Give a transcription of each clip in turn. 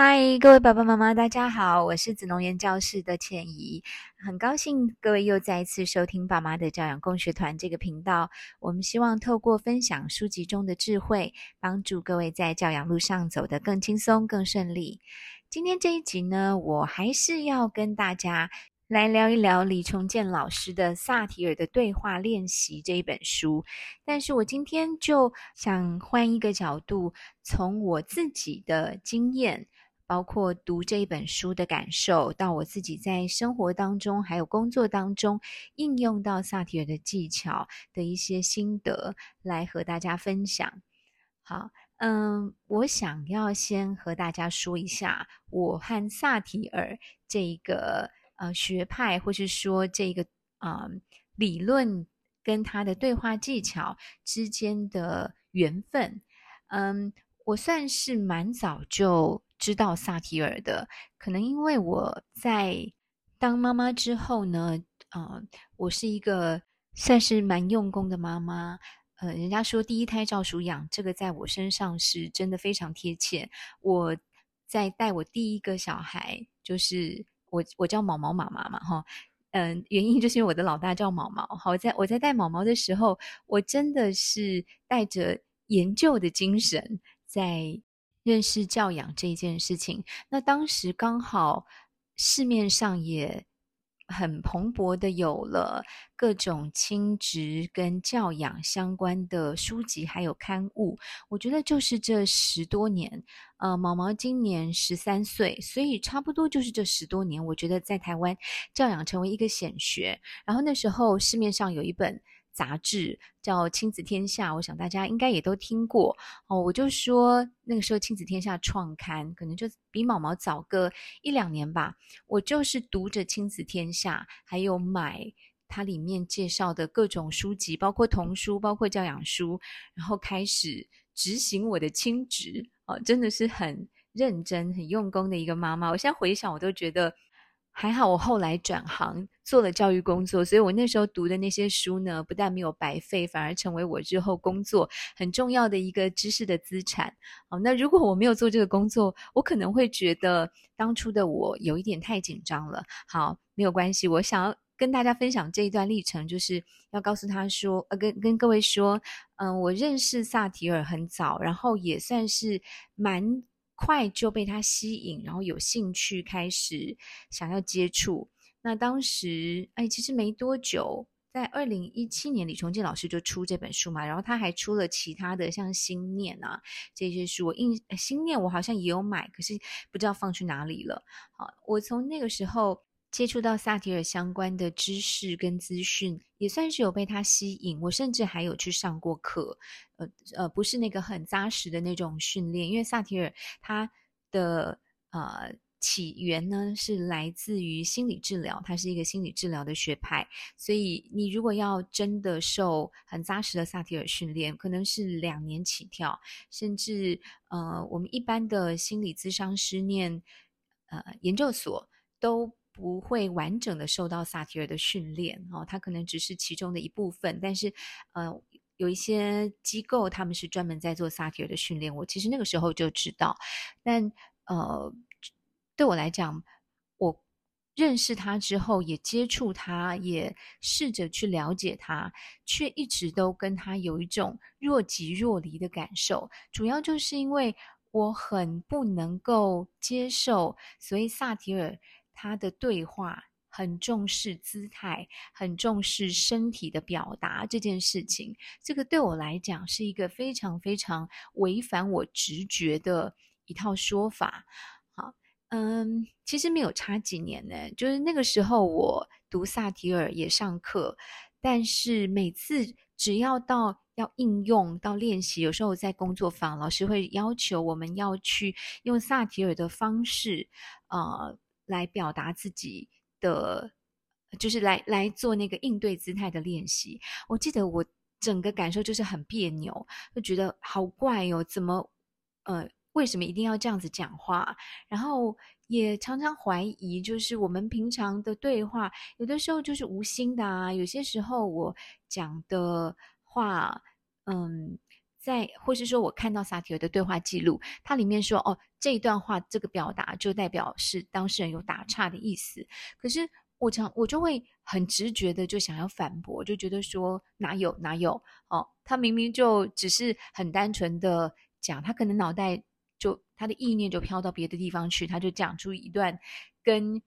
嗨，Hi，各位爸爸媽媽，大家好，我是子穠園教室的倩怡，很高興各位又再一次收聽《爸媽的教養共學團》這個頻道。我們希望透過分享書籍中的智慧，幫助各位在教養路上走得更輕鬆、更順利。今天這一集呢，我還是要跟大家來聊一聊李崇建老師的《薩提爾的對話練習》這一本書，但是我今天就想換一個角度，從我自己的經驗。包括讀這一本書的感受，到我自己在生活當中，還有工作當中應用到薩提爾的技巧的一些心得，來和大家分享。好，嗯，我想要先和大家說一下，我和薩提爾這個呃學派，或是說這個啊、嗯、理論跟他的對話技巧之間的緣分。嗯，我算是蠻早就。知道薩提爾的，可能因為我在當媽媽之後呢，嗯、呃，我是一個算是蠻用功的媽媽。呃，人家說第一胎照書養，這個在我身上是真的非常貼切。我在帶我第一個小孩，就是我我叫毛毛媽媽嘛，哈，嗯，原因就是因為我的老大叫毛毛。好，我在我在帶毛毛的時候，我真的是帶着研究的精神在。認識教養這一件事情，那當時剛好市面上也很蓬勃的有了各種親職跟教養相關的書籍還有刊物。我覺得就是這十多年，呃，毛毛今年十三歲，所以差不多就是這十多年，我覺得在台灣教養成為一個顯學，然後那時候市面上有一本。雜誌叫《親子天下》，我想大家應該也都聽過哦。我就說那個時候，《親子天下》創刊可能就比毛毛早個一兩年吧。我就是讀着《親子天下》，還有買它裡面介紹的各種書籍，包括童書，包括教養書，然後開始執行我的親職哦，真的是很認真、很用功的一個媽媽。我現在回想，我都覺得。還好，我後來轉行做了教育工作，所以我那時候讀的那些書呢，不但沒有白費，反而成為我日後工作很重要的一個知識的資產。好，那如果我沒有做這個工作，我可能會覺得當初的我有一點太緊張了。好，沒有關係，我想要跟大家分享這一段歷程，就是要告訴他說，呃，跟跟各位說，嗯、呃，我認識薩提爾很早，然後也算是蠻快就被他吸引，然後有興趣開始想要接觸。那當時，哎，其實沒多久，在二零一七年，李崇建老師就出這本書嘛，然後他還出了其他的像心念、啊《心念》啊這些書。我印《心念》，我好像也有買，可是不知道放去哪裡了。好，我從那個時候。接觸到薩提爾相關的知識跟資訊，也算是有被他吸引。我甚至還有去上過課。呃呃，不是那個很扎實的那種訓練，因為薩提爾他的呃起源呢是來自於心理治療，它是一個心理治療的學派，所以你如果要真的受很扎實的薩提爾訓練，可能是兩年起跳，甚至呃，我們一般的心理諮商師念呃研究所都。不會完整的受到薩提爾的訓練哦，他可能只是其中的一部分。但是，呃，有一些機構他們是專門在做薩提爾的訓練。我其實那個時候就知道，但呃，對我來講，我認識他之後，也接觸他，也試着去了解他，卻一直都跟他有一種若即若離的感受。主要就是因為我很不能夠接受，所以薩提爾。他的對話很重視姿態，很重視身體的表達這件事情。這個對我來講是一個非常非常違反我直覺的一套說法。好，嗯，其實沒有差幾年呢，就是那個時候我讀薩提爾也上課，但是每次只要到要應用到練習，有時候我在工作坊，老師會要求我們要去用薩提爾的方式，啊、呃。來表達自己的，就是來來做那個應對姿態的練習。我記得我整個感受就是很彆扭，就覺得好怪喲，怎麼，呃，為什麼一定要這樣子講話？然後也常常懷疑，就是我們平常的對話，有的時候就是無心的啊，有些時候我講的話，嗯。在，或是說，我看到薩提爾的對話記錄，它裡面說，哦，這一段話這個表達就代表是當事人有打岔的意思。可是我常我就會很直覺的就想要反駁，就覺得說哪有哪有哦，他明明就只是很單純的講，他可能腦袋就他的意念就飄到別的地方去，他就講出一段跟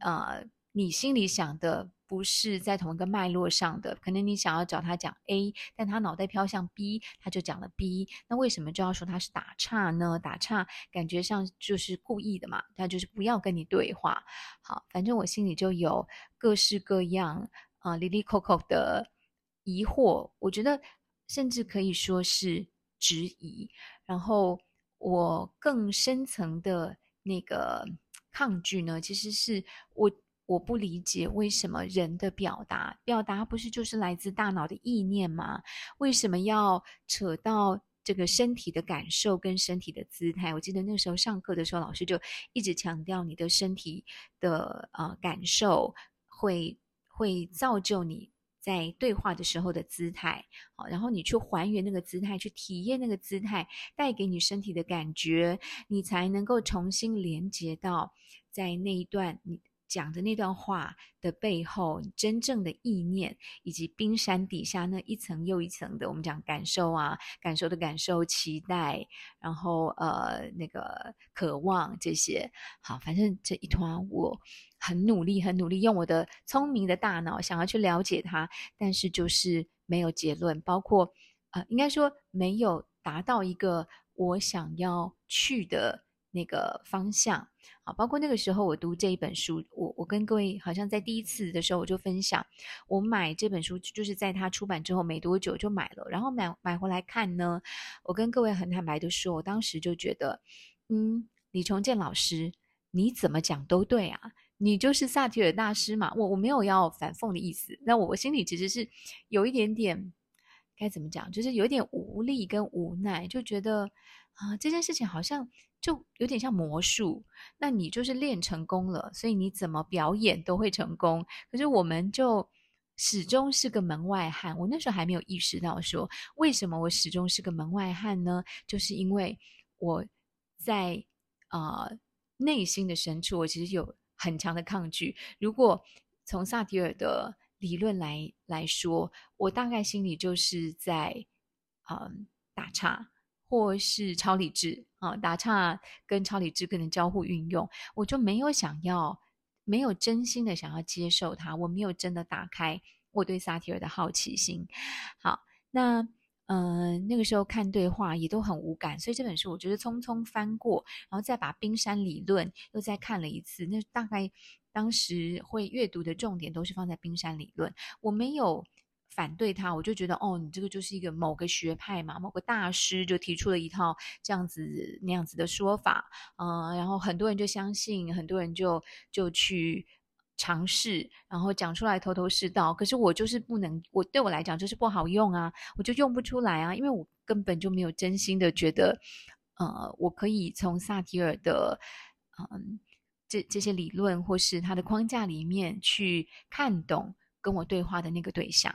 呃。你心裡想的不是在同一個脈絡上的，可能你想要找他講 A，但他腦袋飄向 B，他就講了 B。那為什麼就要說他是打岔呢？打岔感覺像就是故意的嘛，他就是不要跟你對話。好，反正我心裡就有各式各樣啊，呃，里里扣扣的疑惑，我覺得甚至可以說是質疑。然後我更深層的那個抗拒呢，其實是我。我不理解為什麼人的表達，表達不是就是來自大腦的意念嗎？為什麼要扯到這個身體的感受跟身體的姿態？我記得那時候上課的時候，老師就一直強調你的身體的呃感受會會造就你在對話的時候的姿態。好，然後你去還原那個姿態，去體驗那個姿態帶給你身體的感覺，你才能夠重新連接到在那一段你講的那段話的背後，真正的意念，以及冰山底下那一層又一層的，我們講感受啊，感受的感受、期待，然後呃那個渴望這些，好，反正這一團我很努力，很努力用我的聰明的大腦想要去了解它，但是就是沒有結論，包括呃應該說沒有達到一個我想要去的。那個方向，啊包括那個時候我讀這一本書，我我跟各位好像在第一次的時候我就分享，我買這本書就是在他出版之後沒多久就買了，然後買買回來看呢，我跟各位很坦白的說，我當時就覺得，嗯，李崇建老師你怎麼講都對啊，你就是薩提爾大師嘛，我我沒有要反諷的意思，那我我心裡其實是有一點點該怎麼講，就是有點無力跟無奈，就覺得啊、呃、這件事情好像。就有點像魔術，那你就是練成功了，所以你怎麼表演都會成功。可是我們就始終是個門外漢。我那時候還沒有意識到說，為什麼我始終是個門外漢呢？就是因為我在啊、呃、內心的深處，我其實有很強的抗拒。如果從薩提爾的理論來來說，我大概心裡就是在嗯、呃、打岔。或是超理智啊，打岔跟超理智可能交互運用，我就沒有想要，沒有真心的想要接受它，我沒有真的打開我對薩提爾的好奇心。好，那嗯、呃，那個時候看對話也都很無感，所以這本書我就是匆匆翻過，然後再把冰山理論又再看了一次。那大概當時會閱讀的重點都是放在冰山理論，我沒有。反對他，我就覺得哦，你這個就是一個某個學派嘛，某個大師就提出了一套這樣子那樣子的說法，嗯、呃，然後很多人就相信，很多人就就去嘗試，然後講出來頭頭是道。可是我就是不能，我對我來講就是不好用啊，我就用不出來啊，因為我根本就沒有真心的覺得，呃，我可以從薩提爾的嗯、呃、這這些理論或是他的框架裡面去看懂跟我對話的那個對象。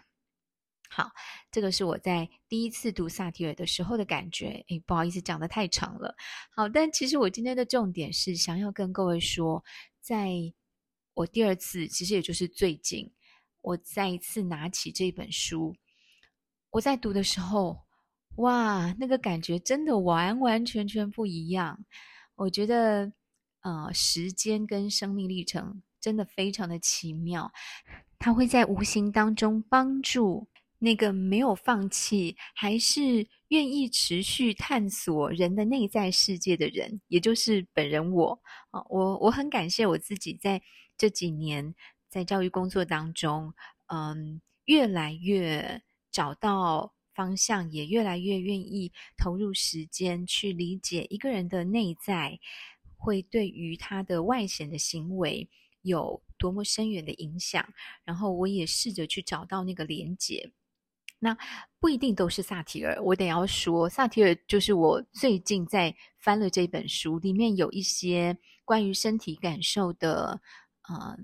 好，這個是我在第一次讀薩提爾的時候的感覺。誒，不好意思，講的太長了。好，但其實我今天的重點是想要跟各位說，在我第二次，其實也就是最近，我再一次拿起這本書，我在讀的時候，哇，那個感覺真的完完全全不一樣。我覺得，呃，時間跟生命歷程真的非常的奇妙，它會在無形當中幫助。那個沒有放棄，還是願意持續探索人的內在世界的人，也就是本人我啊，我我很感謝我自己在這幾年在教育工作當中，嗯，越來越找到方向，也越來越願意投入時間去理解一個人的內在會對於他的外顯的行為有多麼深遠的影響。然後我也試着去找到那個連結。那不一定都是薩提爾，我得要說，薩提爾就是我最近在翻了這本書，裡面有一些關於身體感受的，呃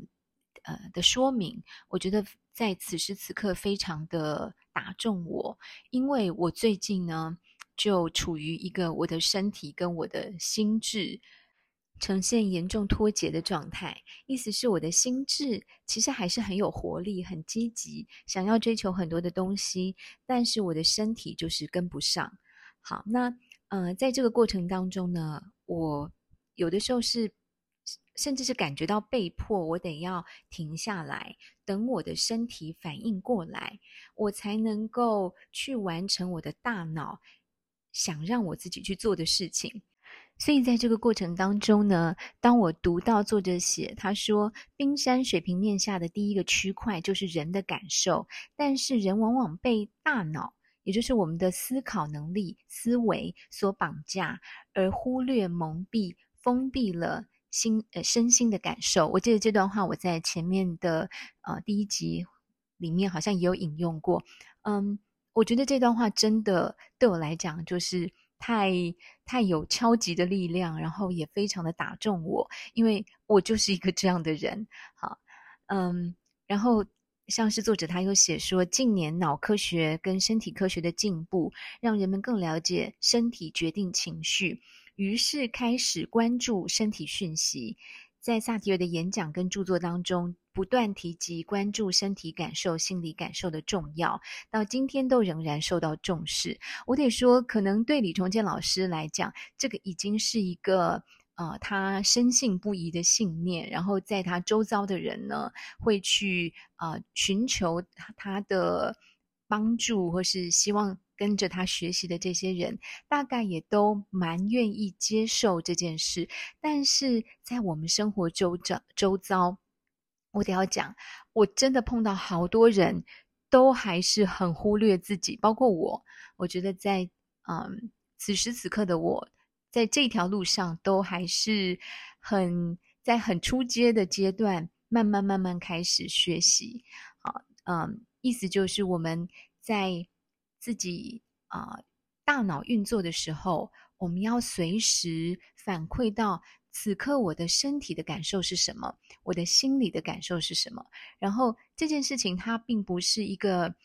呃的說明，我覺得在此時此刻非常的打中我，因為我最近呢，就處於一個我的身體跟我的心智，呈現嚴重脫節的狀態，意思是我的心智其實還是很有活力、很積極，想要追求很多的東西，但是我的身體就是跟不上。好，那呃，在這個過程當中呢，我有的時候是甚至是感覺到被迫，我得要停下來，等我的身體反應過來，我才能夠去完成我的大腦想讓我自己去做的事情。所以，在這個過程當中呢，當我讀到作者寫，他說冰山水平面下的第一個區塊就是人的感受，但是人往往被大腦，也就是我們的思考能力、思維所綁架，而忽略、蒙蔽、封閉了心，呃，身心的感受。我記得這段話我在前面的，呃，第一集裡面好像也有引用過。嗯，我覺得這段話真的對我來講就是。太太有超級的力量，然後也非常的打中我，因為我就是一個這樣的人。好，嗯，然後像是作者他又寫說，近年腦科學跟身體科學的進步，讓人們更了解身體決定情緒，於是開始關注身體訊息。在薩提爾的演講跟著作當中，不斷提及關注身體感受、心理感受的重要，到今天都仍然受到重視。我得說，可能對李崇建老師來講，這個已經是一個呃他深信不疑的信念。然後在他周遭的人呢，會去啊、呃、尋求他的幫助，或是希望跟着他學習的這些人，大概也都蠻願意接受這件事。但是在我們生活周周遭。我得要講，我真的碰到好多人都還是很忽略自己，包括我。我覺得在嗯此時此刻的我，在這條路上都還是很在很初階的階段，慢慢慢慢開始學習。啊，嗯，意思就是我們在自己啊大腦運作的時候，我們要隨時反饋到。此刻我的身體的感受是什麼？我的心理的感受是什麼？然後這件事情它並不是一個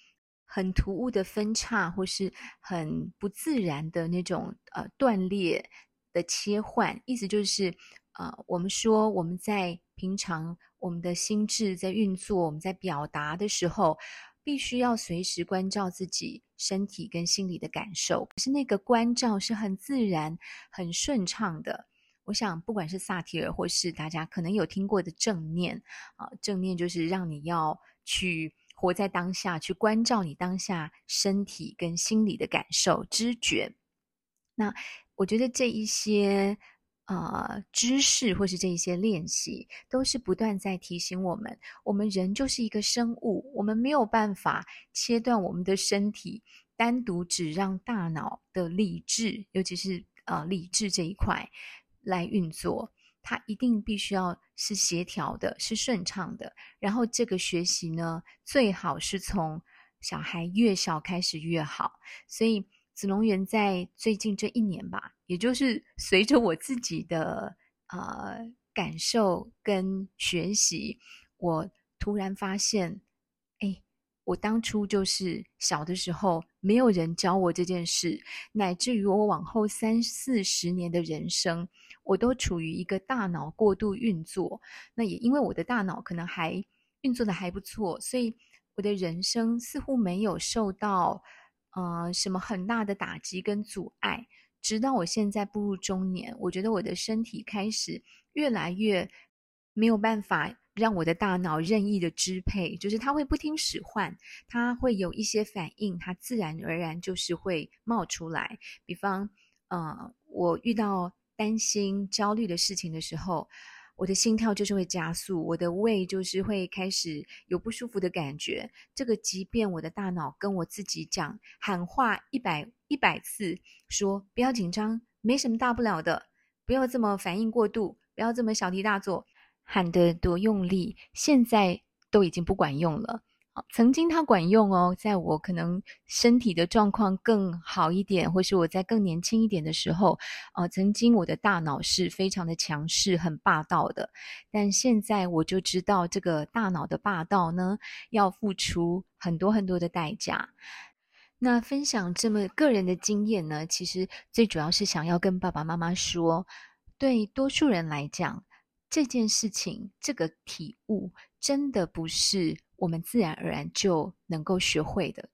很突兀的分叉，或是很不自然的那種呃斷裂的切換。意思就是，呃，我們說我們在平常我們的心智在運作，我們在表達的時候，必須要隨時關照自己身體跟心理的感受。可是那個關照是很自然、很順暢的。我想，不管是薩提爾，或是大家可能有聽過的正念，啊，正念就是讓你要去活在當下，去關照你當下身體跟心理的感受、知覺。那我覺得這一些，呃，知識或是這一些練習，都是不斷在提醒我們，我們人就是一個生物，我們沒有辦法切斷我們的身體，單獨只讓大腦的理智，尤其是啊、呃，理智這一塊。來運作，它一定必須要是協調的，是順暢的。然後這個學習呢，最好是從小孩越小開始越好。所以，子穠園在最近這一年吧，也就是隨着我自己的啊、呃、感受跟學習，我突然發現，哎，我當初就是小的時候沒有人教我這件事，乃至於我往後三四十年的人生。我都處於一個大腦過度運作，那也因為我的大腦可能還運作的還不錯，所以我的人生似乎沒有受到呃什麼很大的打擊跟阻礙。直到我現在步入中年，我覺得我的身體開始越來越沒有辦法讓我的大腦任意的支配，就是它會不聽使喚，它會有一些反應，它自然而然就是會冒出來。比方，呃，我遇到。擔心、焦慮的事情的時候，我的心跳就是會加速，我的胃就是會開始有不舒服的感覺。這個，即便我的大腦跟我自己講、喊話一百一百次，說不要緊張，沒什麼大不了的，不要這麼反應過度，不要這麼小題大做，喊得多用力，現在都已經不管用了。曾經它管用哦，在我可能身體的狀況更好一點，或是我在更年輕一點的時候，哦、呃，曾經我的大腦是非常的強勢、很霸道的。但現在我就知道，這個大腦的霸道呢，要付出很多很多的代價。那分享這麼個人的經驗呢，其實最主要是想要跟爸爸媽媽說，對多數人來講，這件事情這個體悟真的不是。我們自然而然就能夠學會的，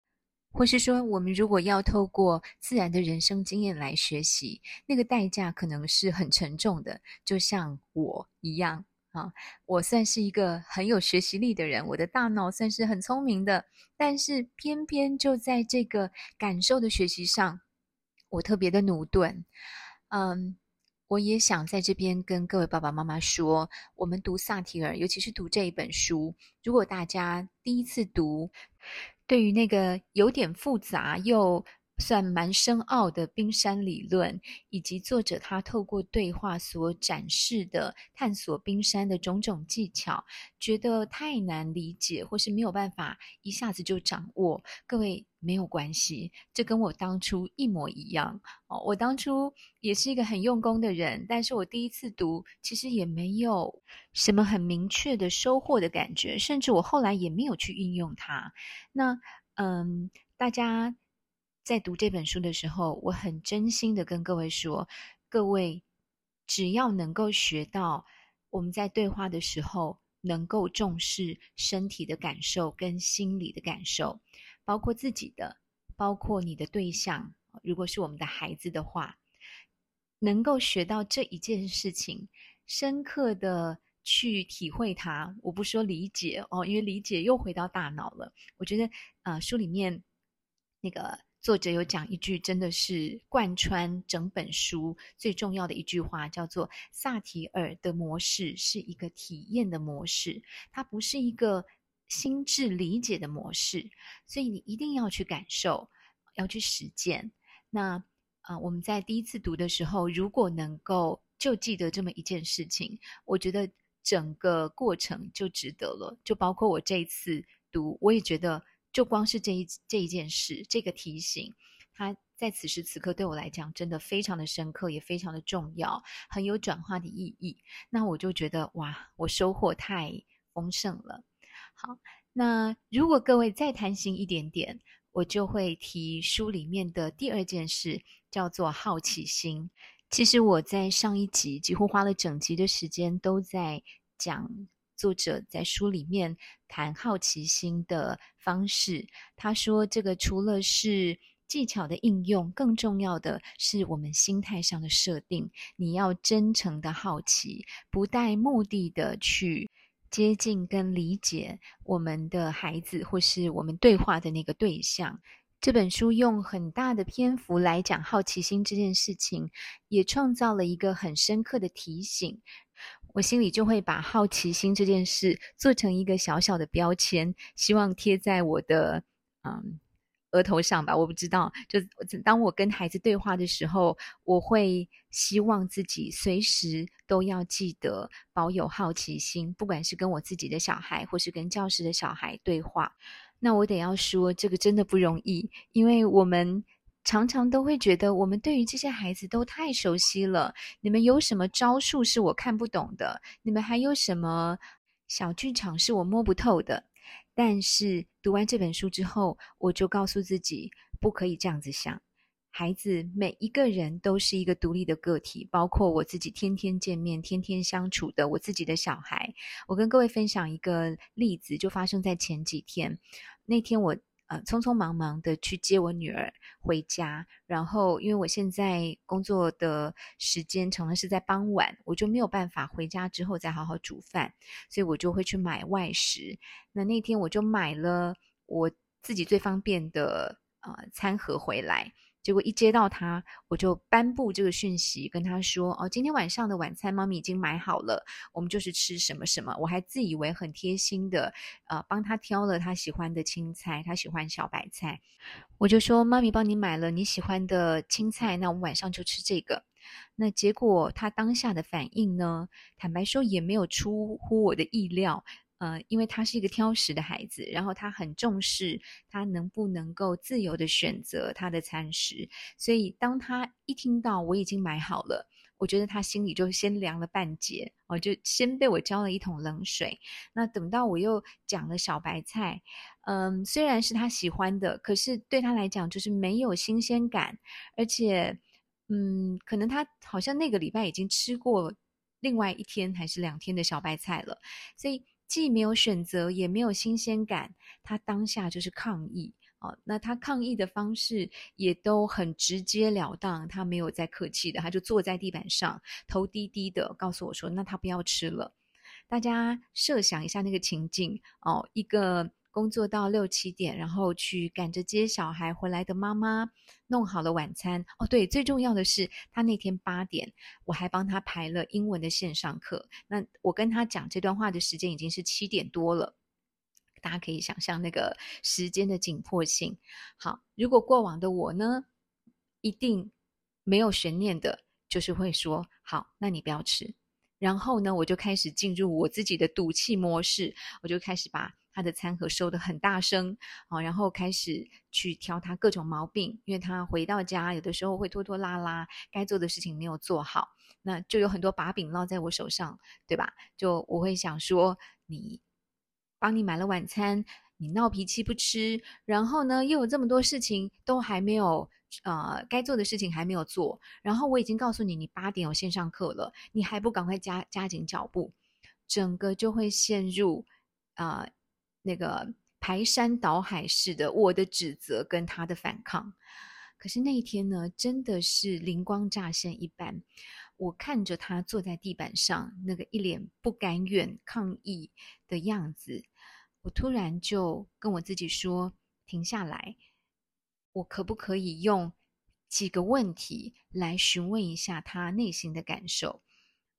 或是說，我們如果要透過自然的人生經驗來學習，那個代價可能是很沉重的。就像我一樣啊，我算是一個很有學習力的人，我的大腦算是很聰明的，但是偏偏就在這個感受的學習上，我特別的駑鈍，嗯。我也想在這邊跟各位爸爸媽媽說，我們讀薩提爾，尤其是讀這一本書，如果大家第一次讀，對於那個有點複雜又……算蠻深奧的冰山理論，以及作者他透過對話所展示的探索冰山的種種技巧，覺得太難理解，或是沒有辦法一下子就掌握。各位沒有關係，這跟我當初一模一樣哦。我當初也是一個很用功的人，但是我第一次讀，其實也沒有什麼很明確的收穫的感覺，甚至我後來也沒有去運用它。那嗯，大家。在讀這本書的時候，我很真心的跟各位說，各位只要能夠學到我們在對話的時候，能夠重視身體的感受跟心理的感受，包括自己的，包括你的對象，如果是我們的孩子的話，能夠學到這一件事情，深刻的去體會它。我不說理解哦，因為理解又回到大腦了。我覺得啊，呃，書裡面那個。作者有講一句，真的是貫穿整本書最重要的一句話，叫做“薩提爾的模式是一個體驗的模式，它不是一個心智理解的模式。所以你一定要去感受，要去實踐。那啊，呃，我們在第一次讀的時候，如果能夠就記得這麼一件事情，我覺得整個過程就值得了。就包括我這一次讀，我也覺得。就光是這一這一件事，這個提醒，它在此時此刻對我來講，真的非常的深刻，也非常的重要，很有轉化的意義。那我就覺得，哇，我收穫太豐盛了。好，那如果各位再貪心一點點，我就會提書裡面的第二件事，叫做好奇心。其實我在上一集幾乎花了整集的時間都在講。作者在書裡面談好奇心的方式，他說：“這個除了是技巧的應用，更重要的是我們心態上的設定。你要真誠的好奇，不帶目的的去接近跟理解我們的孩子，或是我們對話的那個對象。”這本書用很大的篇幅來講好奇心這件事情，也創造了一個很深刻的提醒。我心裡就會把好奇心這件事做成一個小小的標籤，希望貼在我的嗯額頭上吧。我不知道，就當我跟孩子對話的時候，我會希望自己隨時都要記得保有好奇心，不管是跟我自己的小孩，或是跟教室的小孩對話。那我得要說，這個真的不容易，因為我們。常常都會覺得我們對於這些孩子都太熟悉了。你們有什麼招數是我看不懂的？你們還有什麼小劇場是我摸不透的？但是讀完這本書之後，我就告訴自己，不可以這樣子想。孩子每一個人都是一個獨立的個體，包括我自己，天天見面、天天相處的我自己的小孩。我跟各位分享一個例子，就發生在前幾天。那天我。呃，匆匆忙忙的去接我女兒回家，然後因為我現在工作的時間常常是在傍晚，我就沒有辦法回家之後再好好煮飯，所以我就會去買外食。那那天我就買了我自己最方便的呃餐盒回來。結果一接到他，我就頒布這個訊息，跟他說：“哦，今天晚上的晚餐，媽咪已經買好了，我們就是吃什麼什麼。”我還自以為很貼心的，呃，幫他挑了他喜歡的青菜，他喜歡小白菜，我就說：“媽咪幫你買了你喜歡的青菜，那我們晚上就吃這個。”那結果他當下的反應呢？坦白說也沒有出乎我的意料。呃，因為他是一個挑食的孩子，然後他很重視他能不能夠自由的選擇他的餐食，所以當他一聽到我已經買好了，我覺得他心裡就先涼了半截哦，就先被我澆了一桶冷水。那等到我又講了小白菜，嗯，雖然是他喜歡的，可是對他來講就是沒有新鮮感，而且，嗯，可能他好像那個禮拜已經吃過另外一天還是兩天的小白菜了，所以。既沒有選擇，也沒有新鮮感，他當下就是抗議哦，那他抗議的方式也都很直截了當，他沒有再客氣的，他就坐在地板上，頭低低的，告訴我說：“那他不要吃了。”大家設想一下那個情境哦，一個。工作到六七點，然後去趕着接小孩回來的媽媽弄好了晚餐。哦，對，最重要的是，他那天八點，我還幫他排了英文的線上課。那我跟他講這段話的時間已經是七點多了，大家可以想象那個時間的緊迫性。好，如果過往的我呢，一定沒有懸念的，就是會說好，那你不要吃。然後呢，我就開始進入我自己的賭氣模式，我就開始把。他的餐盒收得很大聲，哦，然後開始去挑他各種毛病，因為他回到家有的時候會拖拖拉拉，該做的事情沒有做好，那就有很多把柄落在我手上，對吧？就我會想說，你幫你買了晚餐，你鬧脾氣不吃，然後呢又有這麼多事情都還沒有，呃，該做的事情還沒有做，然後我已經告訴你你八點有線上課了，你還不趕快加加緊腳步，整個就會陷入，啊、呃。那個排山倒海似的我的指責跟他的反抗，可是那一天呢，真的是靈光乍現一般。我看着他坐在地板上，那個一臉不甘願抗議的樣子，我突然就跟我自己說：停下來，我可不可以用幾個問題來詢問一下他內心的感受？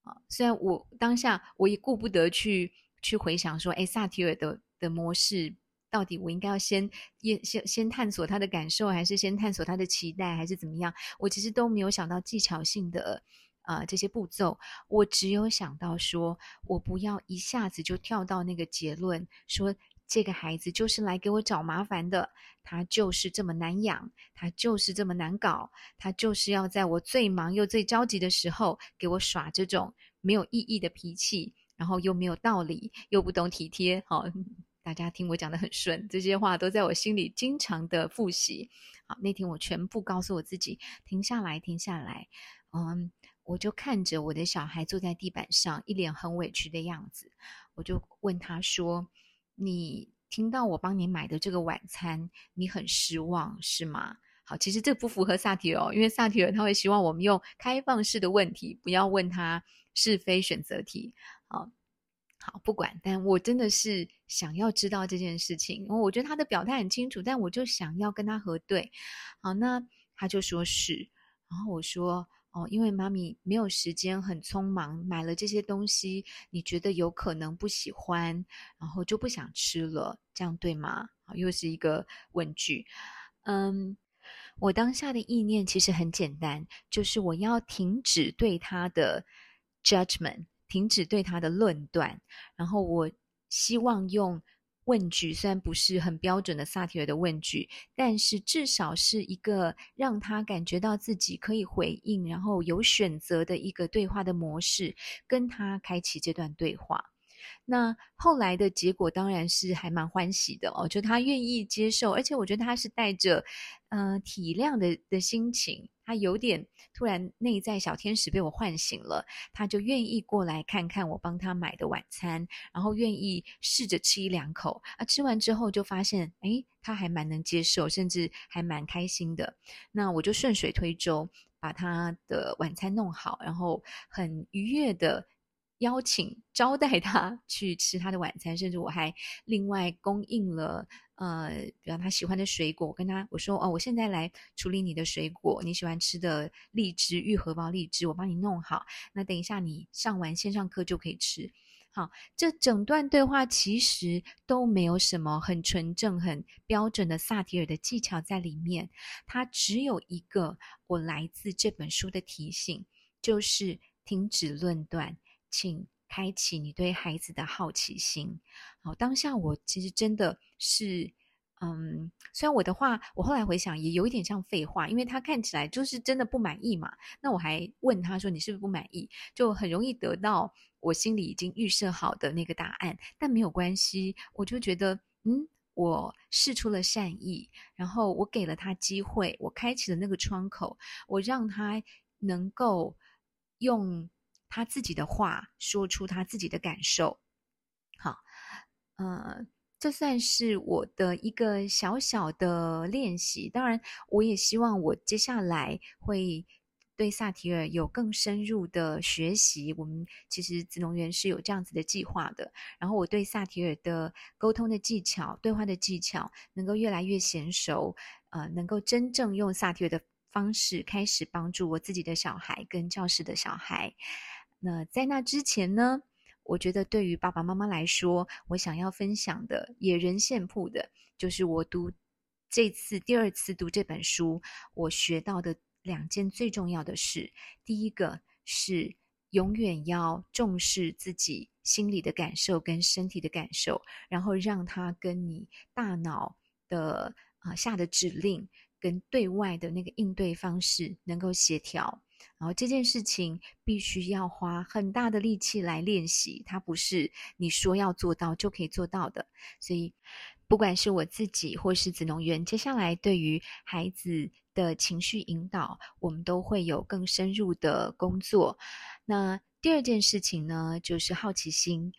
啊，雖然我當下我也顧不得去去回想說，哎，薩提爾的。的模式到底，我應該要先驗先先探索他的感受，還是先探索他的期待，還是怎麼樣？我其實都沒有想到技巧性的啊、呃、這些步驟，我只有想到說，我不要一下子就跳到那個結論，說這個孩子就是來給我找麻煩的，他就是這麼難養，他就是這麼難搞，他就是要在我最忙又最着急的時候給我耍這種沒有意義的脾氣，然後又沒有道理，又不懂體貼，好。大家聽我講得很順，這些話都在我心裡經常的複習。好，那天我全部告訴我自己，停下來，停下來。嗯，我就看着我的小孩坐在地板上，一臉很委屈的樣子。我就問他說：“你聽到我幫你買的這個晚餐，你很失望是嗎？”好，其實這不符合薩提爾，因為薩提爾他會希望我們用開放式的問題，不要問他是非選擇題。好。好，不管，但我真的是想要知道這件事情。我覺得他的表態很清楚，但我就想要跟他核對。好，那他就說是，然後我說：“哦，因為媽咪沒有時間，很匆忙買了這些東西，你覺得有可能不喜歡，然後就不想吃了，這樣對嗎？”好，又是一個問句。嗯，我當下的意念其實很簡單，就是我要停止對他的 judgment。停止對他的論斷，然後我希望用問句，雖然不是很標準的薩提爾的問句，但是至少是一個讓他感覺到自己可以回應，然後有選擇的一個對話的模式，跟他開啟這段對話。那後來的結果當然是還蠻歡喜的哦，就他願意接受，而且我覺得他是帶着嗯、呃、體諒的的心情。他有點突然，內在小天使被我喚醒了，他就願意過來看看我幫他買的晚餐，然後願意試着吃一兩口啊，吃完之後就發現，哎，他還蠻能接受，甚至還蠻開心的。那我就順水推舟，把他的晚餐弄好，然後很愉悅的。邀請招待他去吃他的晚餐，甚至我還另外供應了，呃，比方他喜歡的水果。我跟他我說：“哦，我現在來處理你的水果，你喜歡吃的荔枝、玉荷包荔枝，我幫你弄好。那等一下你上完線上課就可以吃。”好，這整段對話其實都沒有什麼很純正、很標準的薩提爾的技巧在裡面，它只有一個我來自這本書的提醒，就是停止論斷。請開啟你對孩子的好奇心。好，當下我其實真的是，嗯，雖然我的話，我後來回想也有一點像廢話，因為他看起來就是真的不滿意嘛。那我還問他說：“你是不是不滿意？”就很容易得到我心裡已經預設好的那個答案。但沒有關係，我就覺得，嗯，我釋出了善意，然後我給了他機會，我開啟了那個窗口，我讓他能夠用。他自己的話說出他自己的感受，好，呃，這算是我的一個小小的練習。當然，我也希望我接下來會對薩提爾有更深入的學習。我們其實子穠園是有這樣子的計劃的。然後，我對薩提爾的溝通的技巧、對話的技巧能夠越來越嫻熟，呃，能夠真正用薩提爾的方式開始幫助我自己的小孩跟教室的小孩。那在那之前呢，我覺得對於爸爸媽媽來說，我想要分享的野人獻曝的，就是我讀這次第二次讀這本書，我學到的兩件最重要的事。第一個是永遠要重視自己心裡的感受跟身體的感受，然後讓它跟你大腦的啊、呃、下的指令跟對外的那個應對方式能夠協調。然後這件事情必須要花很大的力氣來練習，它不是你說要做到就可以做到的。所以，不管是我自己或是子穠園，接下來對於孩子的情緒引導，我們都會有更深入的工作。那第二件事情呢，就是好奇心，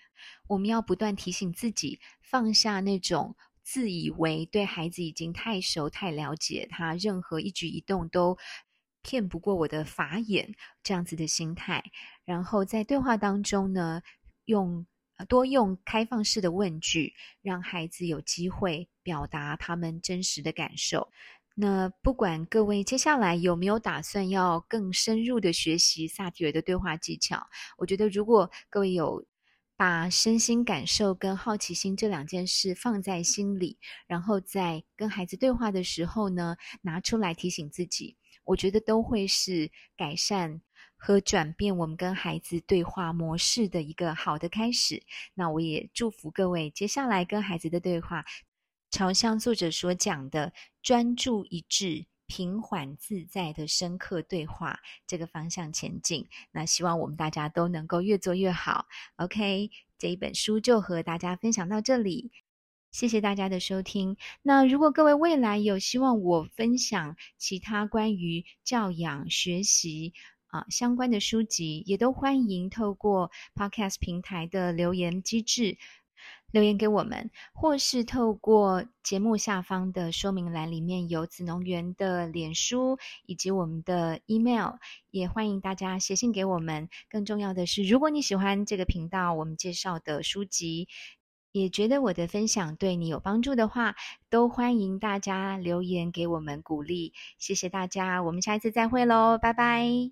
我們要不斷提醒自己，放下那種自以為對孩子已經太熟、太了解他任何一舉一動都。騙不過我的法眼，這樣子的心態。然後在對話當中呢，用多用開放式的問句，讓孩子有機會表達他們真實的感受。那不管各位接下來有沒有打算要更深入的學習薩提爾的對話技巧，我覺得如果各位有把身心感受跟好奇心這兩件事放在心裡，然後在跟孩子對話的時候呢，拿出來提醒自己。我覺得都會是改善和轉變我們跟孩子對話模式的一個好的開始。那我也祝福各位接下來跟孩子的對話，朝向作者所講的專注一致、平緩自在的深刻對話這個方向前進。那希望我們大家都能夠越做越好。OK，這一本書就和大家分享到這裡。謝謝大家的收聽。那如果各位未來有希望我分享其他關於教養、學習啊、呃、相關的書籍，也都歡迎透過 Podcast 平台的留言機制留言給我們，或是透過節目下方的說明欄裡面有子穠園的臉書以及我們的 email，也歡迎大家寫信給我們。更重要的是，如果你喜歡這個頻道我們介紹的書籍，也覺得我的分享對你有幫助的話，都歡迎大家留言給我們鼓勵，謝謝大家，我們下一次再會嘍，拜拜。